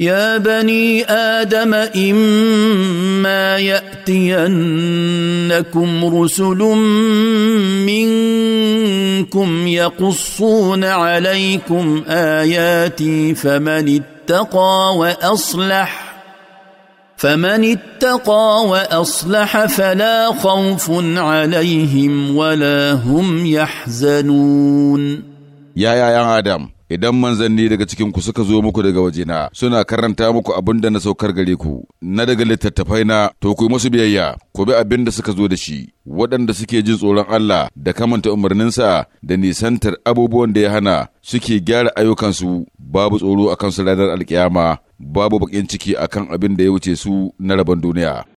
يا بني ادم اما ياتينكم رسل منكم يقصون عليكم اياتي فمن اتقى واصلح فمن اتقى واصلح فلا خوف عليهم ولا هم يحزنون يا يا يا ادم idan manzanni daga cikin ku suka zo muku daga na suna karanta muku abin da na saukar gare ku na daga littattafai na to ku musu biyayya ku bi abin da suka zo da shi waɗanda suke jin tsoron Allah da kamanta umarninsa da nisantar abubuwan da ya hana suke gyara ayyukansu babu tsoro akan su ranar alkiyama babu bakin ciki akan abin da ya wuce su na rabon duniya